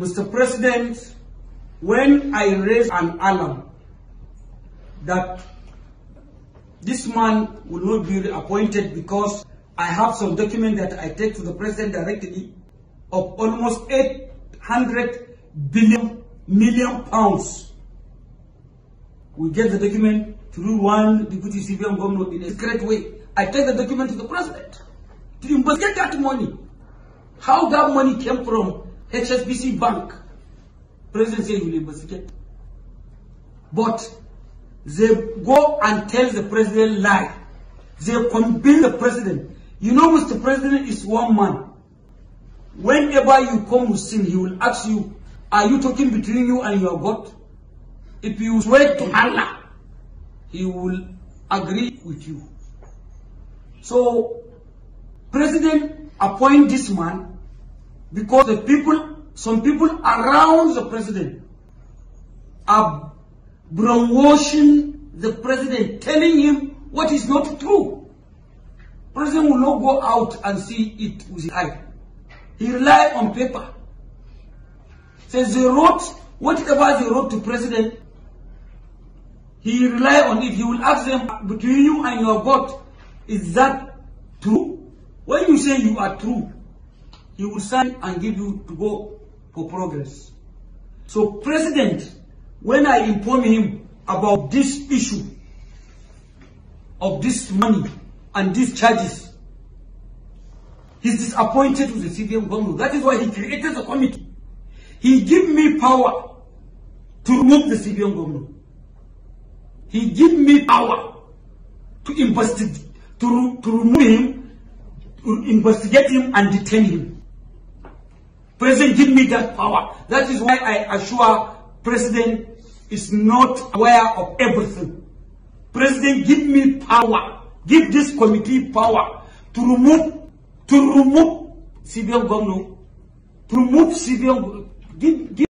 Mr. President, when I raise an alarm that this man will not be appointed because I have some document that I take to the president directly of almost 800 billion million pounds. We get the document through one deputy civilian governor in a secret way. I take the document to the president to investigate that money. How that money came from HSBC Bank, President university. But they go and tell the president lie. They convince the president. You know, Mr. President is one man. Whenever you come with sin, he will ask you, are you talking between you and your God? If you swear to Allah, he will agree with you. So, president appoint this man because the people, some people around the president are brainwashing the president, telling him what is not true. President will not go out and see it with his eye. He rely on paper. Says they wrote, whatever they wrote to president, he rely on it. He will ask them, between you and your God, is that true? When you say you are true, he will sign and give you to go for progress. So president, when I inform him about this issue of this money and these charges, he's disappointed with the civilian government. That is why he created the committee. He gave me power to remove the civilian government. He gave me power to investigate, to, to remove him, to investigate him and detain him. President, give me that power. That is why I assure President is not aware of everything. President, give me power. Give this committee power to remove, to remove civil government, to remove civil, give, give